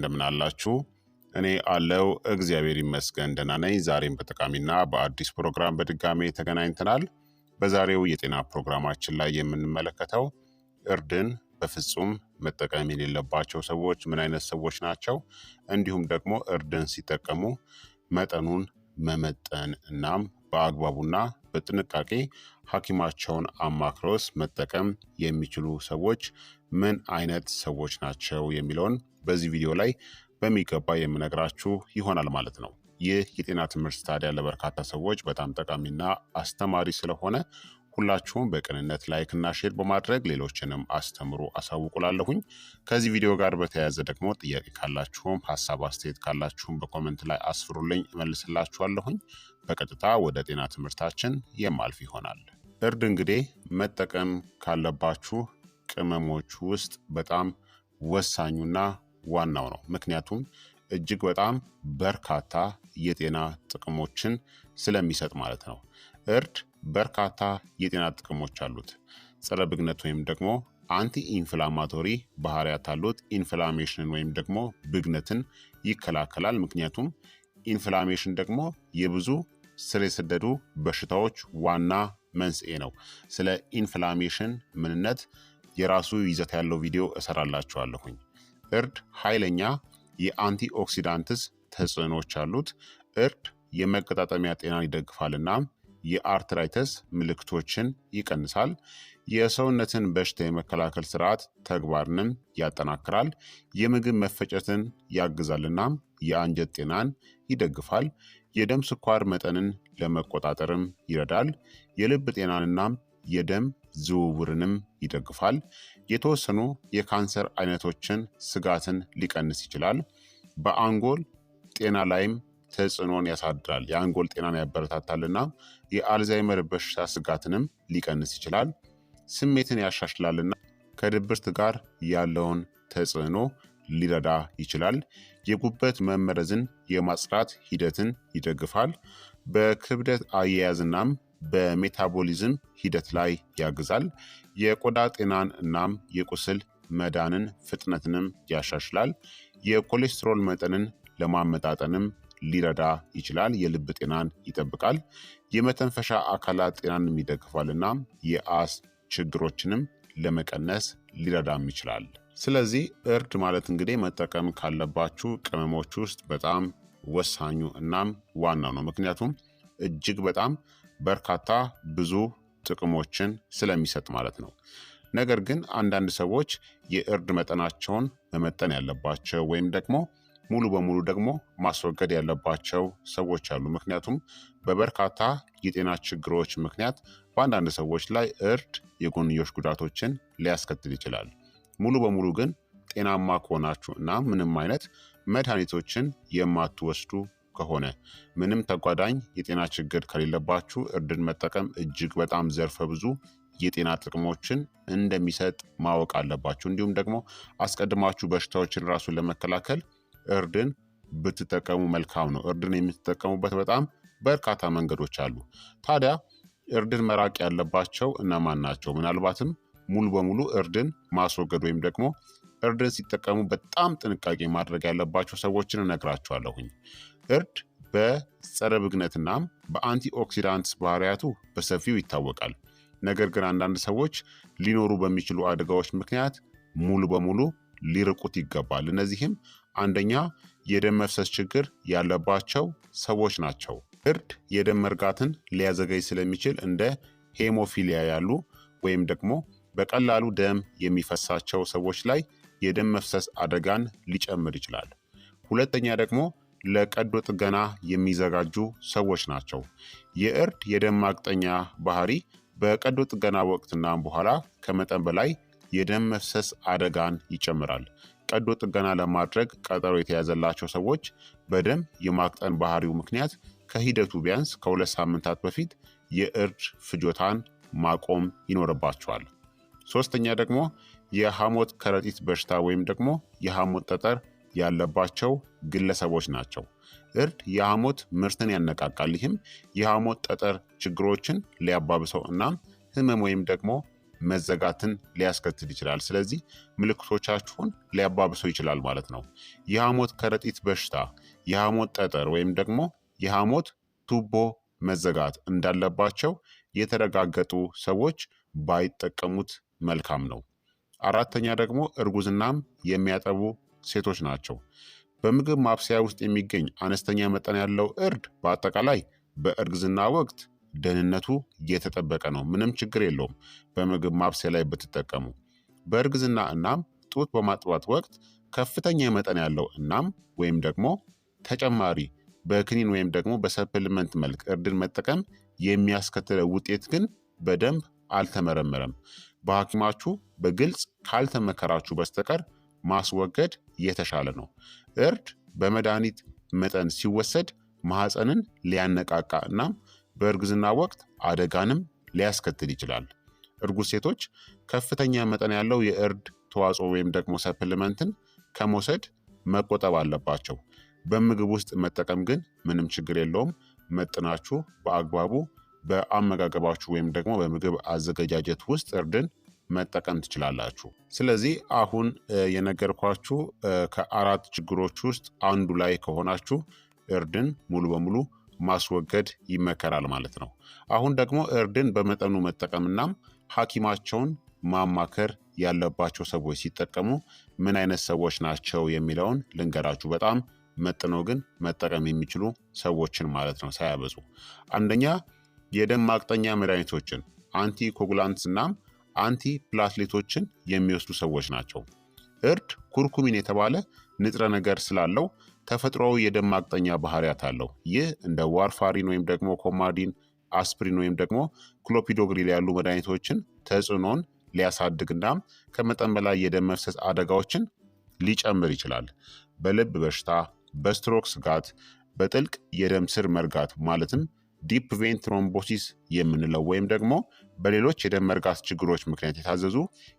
እንደምን አላችሁ? እኔ አለው እግዚአብሔር ይመስገን ደህና ነኝ። ዛሬም በጠቃሚና በአዲስ ፕሮግራም በድጋሜ ተገናኝተናል። በዛሬው የጤና ፕሮግራማችን ላይ የምንመለከተው እርድን በፍጹም መጠቀም የሌለባቸው ሰዎች ምን አይነት ሰዎች ናቸው፣ እንዲሁም ደግሞ እርድን ሲጠቀሙ መጠኑን መመጠን እናም በአግባቡና በጥንቃቄ ሐኪማቸውን አማክሮስ መጠቀም የሚችሉ ሰዎች ምን አይነት ሰዎች ናቸው የሚለውን በዚህ ቪዲዮ ላይ በሚገባ የምነግራችሁ ይሆናል ማለት ነው። ይህ የጤና ትምህርት ታዲያ ለበርካታ ሰዎች በጣም ጠቃሚና አስተማሪ ስለሆነ ሁላችሁም በቅንነት ላይክ እና ሼር በማድረግ ሌሎችንም አስተምሩ አሳውቁላለሁኝ። ከዚህ ቪዲዮ ጋር በተያያዘ ደግሞ ጥያቄ ካላችሁም ሀሳብ አስተያየት ካላችሁም በኮመንት ላይ አስፍሩልኝ እመልስላችኋለሁኝ። በቀጥታ ወደ ጤና ትምህርታችን የማልፍ ይሆናል። እርድ እንግዲህ መጠቀም ካለባችሁ ቅመሞች ውስጥ በጣም ወሳኙና ዋናው ነው። ምክንያቱም እጅግ በጣም በርካታ የጤና ጥቅሞችን ስለሚሰጥ ማለት ነው። እርድ በርካታ የጤና ጥቅሞች አሉት። ጸረ ብግነት ወይም ደግሞ አንቲ ኢንፍላማቶሪ ባህሪያት አሉት። ኢንፍላሜሽንን ወይም ደግሞ ብግነትን ይከላከላል። ምክንያቱም ኢንፍላሜሽን ደግሞ የብዙ ስር የሰደዱ በሽታዎች ዋና መንስኤ ነው። ስለ ኢንፍላሜሽን ምንነት የራሱ ይዘት ያለው ቪዲዮ እሰራላችኋለሁኝ። እርድ ኃይለኛ የአንቲ ኦክሲዳንትስ ተጽዕኖዎች አሉት። እርድ የመቀጣጠሚያ ጤናን ይደግፋልና የአርትራይተስ ምልክቶችን ይቀንሳል። የሰውነትን በሽታ የመከላከል ስርዓት ተግባርንም ያጠናክራል። የምግብ መፈጨትን ያግዛልና የአንጀት ጤናን ይደግፋል። የደም ስኳር መጠንን ለመቆጣጠርም ይረዳል። የልብ ጤናንና የደም ዝውውርንም ይደግፋል። የተወሰኑ የካንሰር አይነቶችን ስጋትን ሊቀንስ ይችላል። በአንጎል ጤና ላይም ተጽዕኖን ያሳድራል። የአንጎል ጤናን ያበረታታልና የአልዛይመር በሽታ ስጋትንም ሊቀንስ ይችላል። ስሜትን ያሻሽላልና ከድብርት ጋር ያለውን ተጽዕኖ ሊረዳ ይችላል። የጉበት መመረዝን የማጽዳት ሂደትን ይደግፋል። በክብደት አያያዝናም በሜታቦሊዝም ሂደት ላይ ያግዛል። የቆዳ ጤናን እናም የቁስል መዳንን ፍጥነትንም ያሻሽላል። የኮሌስትሮል መጠንን ለማመጣጠንም ሊረዳ ይችላል። የልብ ጤናን ይጠብቃል። የመተንፈሻ አካላት ጤናንም ይደግፋልና የአስ ችግሮችንም ለመቀነስ ሊረዳም ይችላል። ስለዚህ እርድ ማለት እንግዲህ መጠቀም ካለባችሁ ቅመሞች ውስጥ በጣም ወሳኙ እናም ዋናው ነው። ምክንያቱም እጅግ በጣም በርካታ ብዙ ጥቅሞችን ስለሚሰጥ ማለት ነው። ነገር ግን አንዳንድ ሰዎች የእርድ መጠናቸውን መመጠን ያለባቸው ወይም ደግሞ ሙሉ በሙሉ ደግሞ ማስወገድ ያለባቸው ሰዎች አሉ። ምክንያቱም በበርካታ የጤና ችግሮች ምክንያት በአንዳንድ ሰዎች ላይ እርድ የጎንዮሽ ጉዳቶችን ሊያስከትል ይችላል። ሙሉ በሙሉ ግን ጤናማ ከሆናችሁ እና ምንም አይነት መድኃኒቶችን የማትወስዱ ከሆነ ምንም ተጓዳኝ የጤና ችግር ከሌለባችሁ እርድን መጠቀም እጅግ በጣም ዘርፈ ብዙ የጤና ጥቅሞችን እንደሚሰጥ ማወቅ አለባችሁ። እንዲሁም ደግሞ አስቀድማችሁ በሽታዎችን ራሱን ለመከላከል እርድን ብትጠቀሙ መልካም ነው። እርድን የምትጠቀሙበት በጣም በርካታ መንገዶች አሉ። ታዲያ እርድን መራቅ ያለባቸው እነማን ናቸው? ምናልባትም ሙሉ በሙሉ እርድን ማስወገድ ወይም ደግሞ እርድን ሲጠቀሙ በጣም ጥንቃቄ ማድረግ ያለባቸው ሰዎችን እነግራቸዋለሁኝ። እርድ በጸረ ብግነትናም በአንቲኦክሲዳንትስ ባህሪያቱ በሰፊው ይታወቃል። ነገር ግን አንዳንድ ሰዎች ሊኖሩ በሚችሉ አደጋዎች ምክንያት ሙሉ በሙሉ ሊርቁት ይገባል። እነዚህም አንደኛ የደም መፍሰስ ችግር ያለባቸው ሰዎች ናቸው። እርድ የደም መርጋትን ሊያዘገይ ስለሚችል እንደ ሄሞፊሊያ ያሉ ወይም ደግሞ በቀላሉ ደም የሚፈሳቸው ሰዎች ላይ የደም መፍሰስ አደጋን ሊጨምር ይችላል። ሁለተኛ ደግሞ ለቀዶ ጥገና የሚዘጋጁ ሰዎች ናቸው። የእርድ የደም ማቅጠኛ ባህሪ በቀዶ ጥገና ወቅትና በኋላ ከመጠን በላይ የደም መፍሰስ አደጋን ይጨምራል። ቀዶ ጥገና ለማድረግ ቀጠሮ የተያዘላቸው ሰዎች በደም የማቅጠን ባህሪው ምክንያት ከሂደቱ ቢያንስ ከሁለት ሳምንታት በፊት የእርድ ፍጆታን ማቆም ይኖርባቸዋል። ሶስተኛ ደግሞ የሐሞት ከረጢት በሽታ ወይም ደግሞ የሐሞት ጠጠር ያለባቸው ግለሰቦች ናቸው። እርድ የሐሞት ምርትን ያነቃቃል። ይህም የሐሞት ጠጠር ችግሮችን ሊያባብሰው እናም ህመም ወይም ደግሞ መዘጋትን ሊያስከትል ይችላል። ስለዚህ ምልክቶቻችሁን ሊያባብሰው ይችላል ማለት ነው። የሐሞት ከረጢት በሽታ፣ የሐሞት ጠጠር ወይም ደግሞ የሐሞት ቱቦ መዘጋት እንዳለባቸው የተረጋገጡ ሰዎች ባይጠቀሙት መልካም ነው። አራተኛ ደግሞ እርጉዝናም የሚያጠቡ ሴቶች ናቸው። በምግብ ማብሰያ ውስጥ የሚገኝ አነስተኛ መጠን ያለው እርድ በአጠቃላይ በእርግዝና ወቅት ደህንነቱ እየተጠበቀ ነው። ምንም ችግር የለውም በምግብ ማብሰያ ላይ ብትጠቀሙ። በእርግዝና እናም ጡት በማጥባት ወቅት ከፍተኛ መጠን ያለው እናም ወይም ደግሞ ተጨማሪ በክኒን ወይም ደግሞ በሰፕልመንት መልክ እርድን መጠቀም የሚያስከትለው ውጤት ግን በደንብ አልተመረመረም። በሐኪማችሁ በግልጽ ካልተመከራችሁ በስተቀር ማስወገድ የተሻለ ነው። እርድ በመድኃኒት መጠን ሲወሰድ ማህፀንን ሊያነቃቃ እናም በእርግዝና ወቅት አደጋንም ሊያስከትል ይችላል። እርጉዝ ሴቶች ከፍተኛ መጠን ያለው የእርድ ተዋጽኦ ወይም ደግሞ ሰፕልመንትን ከመውሰድ መቆጠብ አለባቸው። በምግብ ውስጥ መጠቀም ግን ምንም ችግር የለውም፣ መጥናችሁ በአግባቡ በአመጋገባችሁ ወይም ደግሞ በምግብ አዘገጃጀት ውስጥ እርድን መጠቀም ትችላላችሁ። ስለዚህ አሁን የነገርኳችሁ ከአራት ችግሮች ውስጥ አንዱ ላይ ከሆናችሁ እርድን ሙሉ በሙሉ ማስወገድ ይመከራል ማለት ነው። አሁን ደግሞ እርድን በመጠኑ መጠቀምናም ሐኪማቸውን ማማከር ያለባቸው ሰዎች ሲጠቀሙ ምን አይነት ሰዎች ናቸው የሚለውን ልንገራችሁ። በጣም መጥነው ግን መጠቀም የሚችሉ ሰዎችን ማለት ነው ሳያበዙ አንደኛ የደም ማቅጠኛ መድኃኒቶችን አንቲ ኮጉላንትስ እናም አንቲ ፕላትሌቶችን የሚወስዱ ሰዎች ናቸው። እርድ ኩርኩሚን የተባለ ንጥረ ነገር ስላለው ተፈጥሯዊ የደም ማቅጠኛ ባህሪያት አለው። ይህ እንደ ዋርፋሪን ወይም ደግሞ ኮማዲን፣ አስፕሪን ወይም ደግሞ ክሎፒዶግሪል ያሉ መድኃኒቶችን ተጽዕኖን ሊያሳድግ እናም ከመጠን በላይ የደም መፍሰስ አደጋዎችን ሊጨምር ይችላል። በልብ በሽታ፣ በስትሮክ ስጋት፣ በጥልቅ የደም ስር መርጋት ማለትም ዲፕ ቬን ትሮምቦሲስ የምንለው ወይም ደግሞ በሌሎች የደም መርጋት ችግሮች ምክንያት የታዘዙ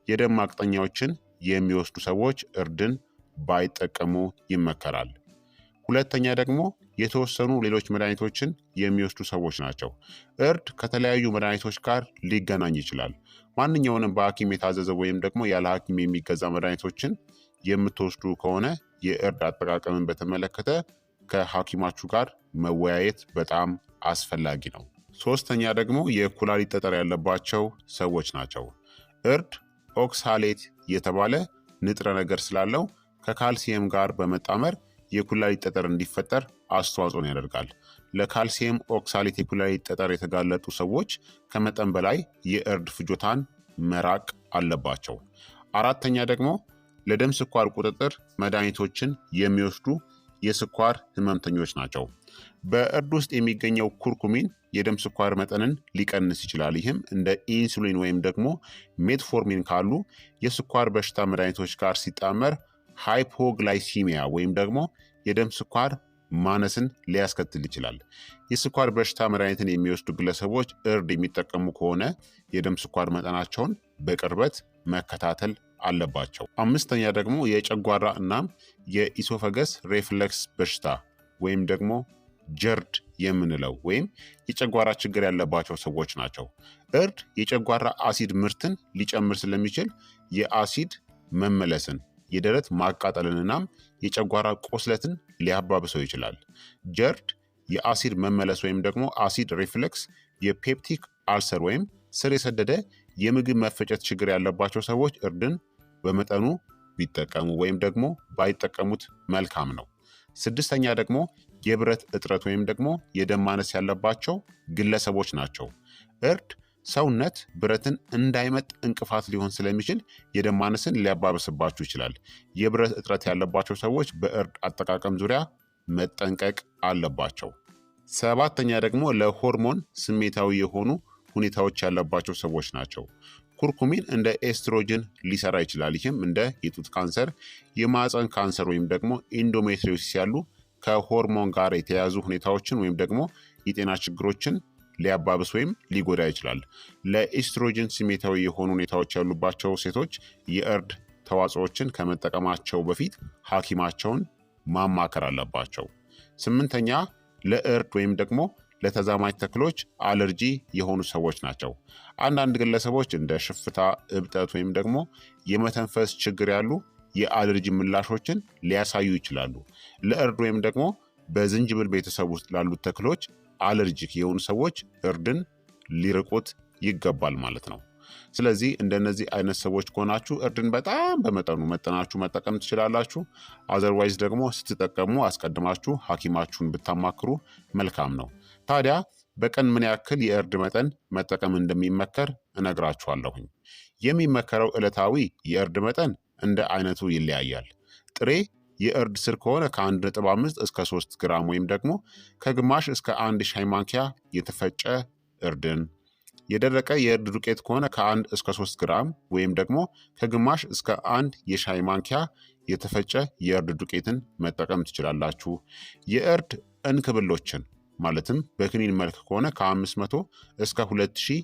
የደም ማቅጠኛዎችን የሚወስዱ ሰዎች እርድን ባይጠቀሙ ይመከራል። ሁለተኛ ደግሞ የተወሰኑ ሌሎች መድኃኒቶችን የሚወስዱ ሰዎች ናቸው። እርድ ከተለያዩ መድኃኒቶች ጋር ሊገናኝ ይችላል። ማንኛውንም በሐኪም የታዘዘ ወይም ደግሞ ያለ ሐኪም የሚገዛ መድኃኒቶችን የምትወስዱ ከሆነ የእርድ አጠቃቀምን በተመለከተ ከሐኪማችሁ ጋር መወያየት በጣም አስፈላጊ ነው። ሶስተኛ ደግሞ የኩላሊት ጠጠር ያለባቸው ሰዎች ናቸው። እርድ ኦክሳሌት የተባለ ንጥረ ነገር ስላለው ከካልሲየም ጋር በመጣመር የኩላሊት ጠጠር እንዲፈጠር አስተዋጽኦን ያደርጋል። ለካልሲየም ኦክሳሌት የኩላሊት ጠጠር የተጋለጡ ሰዎች ከመጠን በላይ የእርድ ፍጆታን መራቅ አለባቸው። አራተኛ ደግሞ ለደም ስኳር ቁጥጥር መድኃኒቶችን የሚወስዱ የስኳር ህመምተኞች ናቸው። በእርድ ውስጥ የሚገኘው ኩርኩሚን የደም ስኳር መጠንን ሊቀንስ ይችላል። ይህም እንደ ኢንሱሊን ወይም ደግሞ ሜትፎርሚን ካሉ የስኳር በሽታ መድኃኒቶች ጋር ሲጣመር ሃይፖግላይሲሚያ ወይም ደግሞ የደም ስኳር ማነስን ሊያስከትል ይችላል። የስኳር በሽታ መድኃኒትን የሚወስዱ ግለሰቦች እርድ የሚጠቀሙ ከሆነ የደም ስኳር መጠናቸውን በቅርበት መከታተል አለባቸው። አምስተኛ ደግሞ የጨጓራ እናም የኢሶፈገስ ሬፍለክስ በሽታ ወይም ደግሞ ጀርድ የምንለው ወይም የጨጓራ ችግር ያለባቸው ሰዎች ናቸው። እርድ የጨጓራ አሲድ ምርትን ሊጨምር ስለሚችል የአሲድ መመለስን፣ የደረት ማቃጠልንናም የጨጓራ ቁስለትን ሊያባብሰው ይችላል። ጀርድ የአሲድ መመለስ ወይም ደግሞ አሲድ ሪፍሌክስ የፔፕቲክ አልሰር ወይም ስር የሰደደ የምግብ መፈጨት ችግር ያለባቸው ሰዎች እርድን በመጠኑ ቢጠቀሙ ወይም ደግሞ ባይጠቀሙት መልካም ነው። ስድስተኛ ደግሞ የብረት እጥረት ወይም ደግሞ የደም ማነስ ያለባቸው ግለሰቦች ናቸው። እርድ ሰውነት ብረትን እንዳይመጥ እንቅፋት ሊሆን ስለሚችል የደም ማነስን ሊያባብስባችሁ ይችላል። የብረት እጥረት ያለባቸው ሰዎች በእርድ አጠቃቀም ዙሪያ መጠንቀቅ አለባቸው። ሰባተኛ ደግሞ ለሆርሞን ስሜታዊ የሆኑ ሁኔታዎች ያለባቸው ሰዎች ናቸው። ኩርኩሚን እንደ ኤስትሮጅን ሊሰራ ይችላል። ይህም እንደ የጡት ካንሰር፣ የማፀን ካንሰር ወይም ደግሞ ኢንዶሜትሪዮሲስ ያሉ ከሆርሞን ጋር የተያያዙ ሁኔታዎችን ወይም ደግሞ የጤና ችግሮችን ሊያባብስ ወይም ሊጎዳ ይችላል። ለኢስትሮጅን ስሜታዊ የሆኑ ሁኔታዎች ያሉባቸው ሴቶች የእርድ ተዋጽኦችን ከመጠቀማቸው በፊት ሐኪማቸውን ማማከር አለባቸው። ስምንተኛ ለእርድ ወይም ደግሞ ለተዛማጅ ተክሎች አለርጂ የሆኑ ሰዎች ናቸው። አንዳንድ ግለሰቦች እንደ ሽፍታ፣ እብጠት ወይም ደግሞ የመተንፈስ ችግር ያሉ የአለርጂ ምላሾችን ሊያሳዩ ይችላሉ። ለእርድ ወይም ደግሞ በዝንጅብል ቤተሰብ ውስጥ ላሉት ተክሎች አለርጂክ የሆኑ ሰዎች እርድን ሊርቁት ይገባል ማለት ነው። ስለዚህ እንደነዚህ አይነት ሰዎች ከሆናችሁ እርድን በጣም በመጠኑ መጠናችሁ መጠቀም ትችላላችሁ። አዘርዋይዝ ደግሞ ስትጠቀሙ አስቀድማችሁ ሐኪማችሁን ብታማክሩ መልካም ነው። ታዲያ በቀን ምን ያክል የእርድ መጠን መጠቀም እንደሚመከር እነግራችኋለሁኝ። የሚመከረው ዕለታዊ የእርድ መጠን እንደ አይነቱ ይለያያል። ጥሬ የእርድ ስር ከሆነ ከ1.5 እስከ 3 ግራም ወይም ደግሞ ከግማሽ እስከ አንድ ሻይ ማንኪያ የተፈጨ እርድን፣ የደረቀ የእርድ ዱቄት ከሆነ ከ1 እስከ 3 ግራም ወይም ደግሞ ከግማሽ እስከ አንድ የሻይ ማንኪያ የተፈጨ የእርድ ዱቄትን መጠቀም ትችላላችሁ። የእርድ እንክብሎችን ማለትም በክኒን መልክ ከሆነ ከ500 እስከ 2000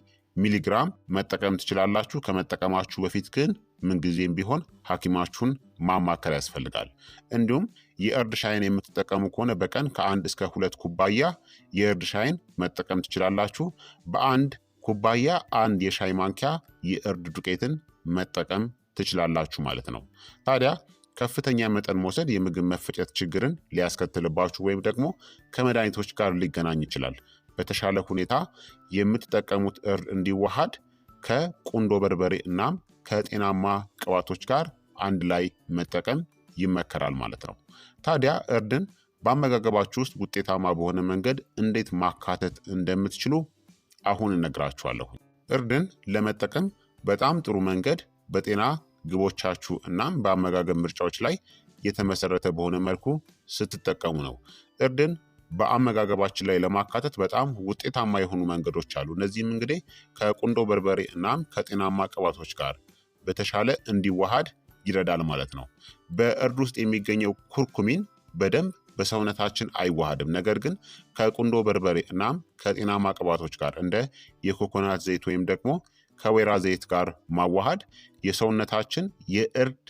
ሚሊግራም መጠቀም ትችላላችሁ። ከመጠቀማችሁ በፊት ግን ምንጊዜም ቢሆን ሐኪማችሁን ማማከር ያስፈልጋል። እንዲሁም የእርድ ሻይን የምትጠቀሙ ከሆነ በቀን ከአንድ እስከ ሁለት ኩባያ የእርድ ሻይን መጠቀም ትችላላችሁ። በአንድ ኩባያ አንድ የሻይ ማንኪያ የእርድ ዱቄትን መጠቀም ትችላላችሁ ማለት ነው። ታዲያ ከፍተኛ መጠን መውሰድ የምግብ መፈጨት ችግርን ሊያስከትልባችሁ ወይም ደግሞ ከመድኃኒቶች ጋር ሊገናኝ ይችላል። በተሻለ ሁኔታ የምትጠቀሙት እርድ እንዲዋሃድ ከቁንዶ በርበሬ እናም ከጤናማ ቅባቶች ጋር አንድ ላይ መጠቀም ይመከራል ማለት ነው። ታዲያ እርድን በአመጋገባችሁ ውስጥ ውጤታማ በሆነ መንገድ እንዴት ማካተት እንደምትችሉ አሁን እነግራችኋለሁ። እርድን ለመጠቀም በጣም ጥሩ መንገድ በጤና ግቦቻችሁ እናም በአመጋገብ ምርጫዎች ላይ የተመሰረተ በሆነ መልኩ ስትጠቀሙ ነው። እርድን በአመጋገባችን ላይ ለማካተት በጣም ውጤታማ የሆኑ መንገዶች አሉ። እነዚህም እንግዲህ ከቁንዶ በርበሬ እናም ከጤናማ ቅባቶች ጋር በተሻለ እንዲዋሃድ ይረዳል ማለት ነው። በእርድ ውስጥ የሚገኘው ኩርኩሚን በደንብ በሰውነታችን አይዋሃድም። ነገር ግን ከቁንዶ በርበሬ እናም ከጤናማ ቅባቶች ጋር እንደ የኮኮናት ዘይት ወይም ደግሞ ከወይራ ዘይት ጋር ማዋሃድ የሰውነታችን የእርድ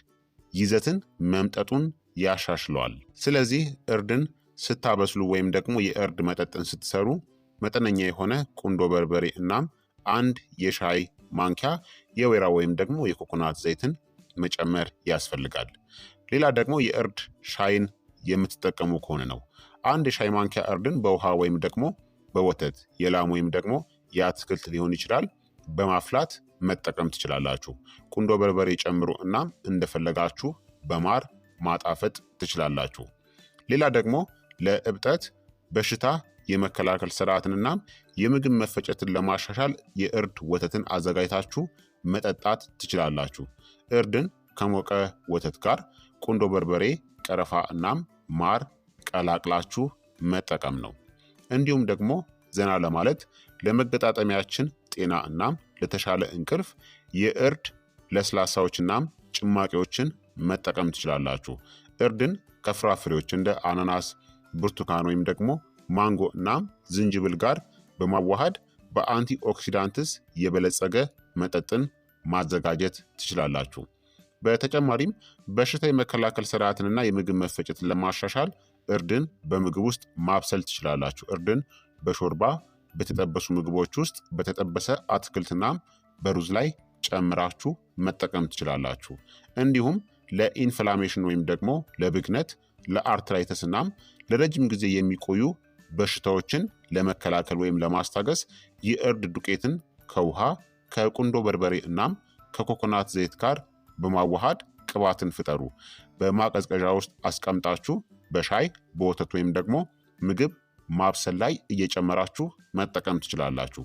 ይዘትን መምጠጡን ያሻሽለዋል። ስለዚህ እርድን ስታበስሉ ወይም ደግሞ የእርድ መጠጥን ስትሰሩ መጠነኛ የሆነ ቁንዶ በርበሬ እናም አንድ የሻይ ማንኪያ የወይራ ወይም ደግሞ የኮኮናት ዘይትን መጨመር ያስፈልጋል። ሌላ ደግሞ የእርድ ሻይን የምትጠቀሙ ከሆነ ነው። አንድ የሻይ ማንኪያ እርድን በውሃ ወይም ደግሞ በወተት የላም ወይም ደግሞ የአትክልት ሊሆን ይችላል በማፍላት መጠቀም ትችላላችሁ። ቁንዶ በርበሬ ጨምሩ እናም እንደፈለጋችሁ በማር ማጣፈጥ ትችላላችሁ። ሌላ ደግሞ ለእብጠት በሽታ የመከላከል ስርዓትንና የምግብ መፈጨትን ለማሻሻል የእርድ ወተትን አዘጋጅታችሁ መጠጣት ትችላላችሁ። እርድን ከሞቀ ወተት ጋር ቁንዶ በርበሬ፣ ቀረፋ እናም ማር ቀላቅላችሁ መጠቀም ነው። እንዲሁም ደግሞ ዘና ለማለት ለመገጣጠሚያችን ጤና እናም ለተሻለ እንቅልፍ የእርድ ለስላሳዎች እናም ጭማቂዎችን መጠቀም ትችላላችሁ። እርድን ከፍራፍሬዎች እንደ አናናስ ብርቱካን ወይም ደግሞ ማንጎ እናም ዝንጅብል ጋር በማዋሃድ በአንቲ ኦክሲዳንትስ የበለጸገ መጠጥን ማዘጋጀት ትችላላችሁ። በተጨማሪም በሽታ የመከላከል ስርዓትንና የምግብ መፈጨትን ለማሻሻል እርድን በምግብ ውስጥ ማብሰል ትችላላችሁ። እርድን በሾርባ በተጠበሱ ምግቦች ውስጥ በተጠበሰ አትክልትናም በሩዝ ላይ ጨምራችሁ መጠቀም ትችላላችሁ። እንዲሁም ለኢንፍላሜሽን ወይም ደግሞ ለብግነት ለአርትራይተስ ለረጅም ጊዜ የሚቆዩ በሽታዎችን ለመከላከል ወይም ለማስታገስ የእርድ ዱቄትን ከውሃ ከቁንዶ በርበሬ እናም ከኮኮናት ዘይት ጋር በማዋሃድ ቅባትን ፍጠሩ። በማቀዝቀዣ ውስጥ አስቀምጣችሁ በሻይ በወተት ወይም ደግሞ ምግብ ማብሰል ላይ እየጨመራችሁ መጠቀም ትችላላችሁ።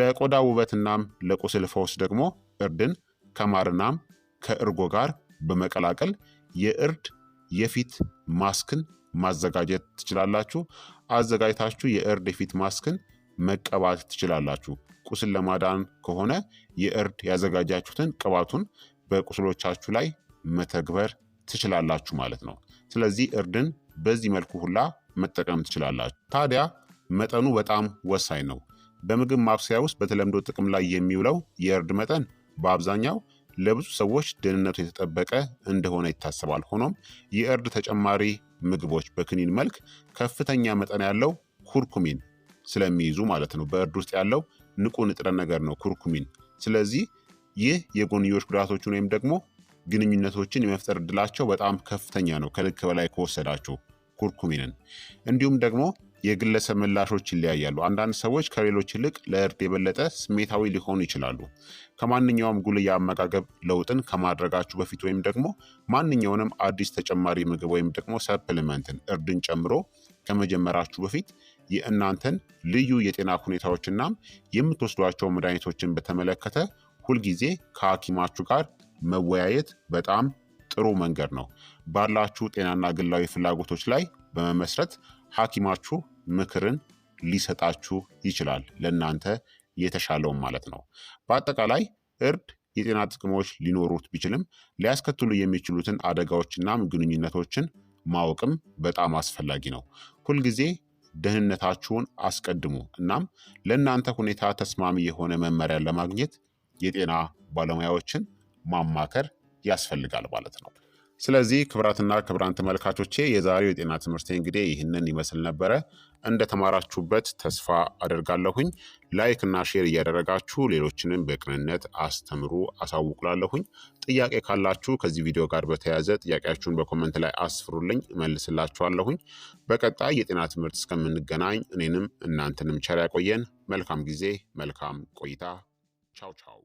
ለቆዳ ውበትናም ለቁስል ፈውስ ደግሞ እርድን ከማርናም ከእርጎ ጋር በመቀላቀል የእርድ የፊት ማስክን ማዘጋጀት ትችላላችሁ። አዘጋጅታችሁ የእርድ የፊት ማስክን መቀባት ትችላላችሁ። ቁስል ለማዳን ከሆነ የእርድ ያዘጋጃችሁትን ቅባቱን በቁስሎቻችሁ ላይ መተግበር ትችላላችሁ ማለት ነው። ስለዚህ እርድን በዚህ መልኩ ሁላ መጠቀም ትችላላችሁ። ታዲያ መጠኑ በጣም ወሳኝ ነው። በምግብ ማብሰያ ውስጥ በተለምዶ ጥቅም ላይ የሚውለው የእርድ መጠን በአብዛኛው ለብዙ ሰዎች ደህንነቱ የተጠበቀ እንደሆነ ይታሰባል። ሆኖም የእርድ ተጨማሪ ምግቦች በክኒን መልክ ከፍተኛ መጠን ያለው ኩርኩሚን ስለሚይዙ ማለት ነው። በእርድ ውስጥ ያለው ንቁ ንጥረ ነገር ነው ኩርኩሚን። ስለዚህ ይህ የጎንዮሽ ጉዳቶችን ወይም ደግሞ ግንኙነቶችን የመፍጠር እድላቸው በጣም ከፍተኛ ነው፣ ከልክ በላይ ከወሰዳችሁ ኩርኩሚንን እንዲሁም ደግሞ የግለሰብ ምላሾች ይለያያሉ። አንዳንድ ሰዎች ከሌሎች ይልቅ ለእርድ የበለጠ ስሜታዊ ሊሆኑ ይችላሉ። ከማንኛውም ጉልህ የአመጋገብ ለውጥን ከማድረጋችሁ በፊት ወይም ደግሞ ማንኛውንም አዲስ ተጨማሪ ምግብ ወይም ደግሞ ሰፕልመንትን እርድን ጨምሮ ከመጀመራችሁ በፊት የእናንተን ልዩ የጤና ሁኔታዎችና የምትወስዷቸው መድኃኒቶችን በተመለከተ ሁልጊዜ ከሐኪማችሁ ጋር መወያየት በጣም ጥሩ መንገድ ነው። ባላችሁ ጤናና ግላዊ ፍላጎቶች ላይ በመመስረት ሐኪማችሁ ምክርን ሊሰጣችሁ ይችላል። ለእናንተ የተሻለውን ማለት ነው። በአጠቃላይ እርድ የጤና ጥቅሞች ሊኖሩት ቢችልም ሊያስከትሉ የሚችሉትን አደጋዎችናም ግንኙነቶችን ማወቅም በጣም አስፈላጊ ነው። ሁልጊዜ ደህንነታችሁን አስቀድሙ። እናም ለእናንተ ሁኔታ ተስማሚ የሆነ መመሪያን ለማግኘት የጤና ባለሙያዎችን ማማከር ያስፈልጋል ማለት ነው። ስለዚህ ክብራትና ክብራን ተመልካቾቼ የዛሬው የጤና ትምህርቴ እንግዲህ ይህንን ይመስል ነበረ። እንደተማራችሁበት ተስፋ አደርጋለሁኝ። ላይክ እና ሼር እያደረጋችሁ ሌሎችንም በቅንነት አስተምሩ አሳውቁላለሁኝ። ጥያቄ ካላችሁ ከዚህ ቪዲዮ ጋር በተያያዘ ጥያቄያችሁን በኮመንት ላይ አስፍሩልኝ፣ እመልስላችኋለሁኝ። በቀጣይ የጤና ትምህርት እስከምንገናኝ እኔንም እናንተንም ቸር ያቆየን። መልካም ጊዜ፣ መልካም ቆይታ። ቻው ቻው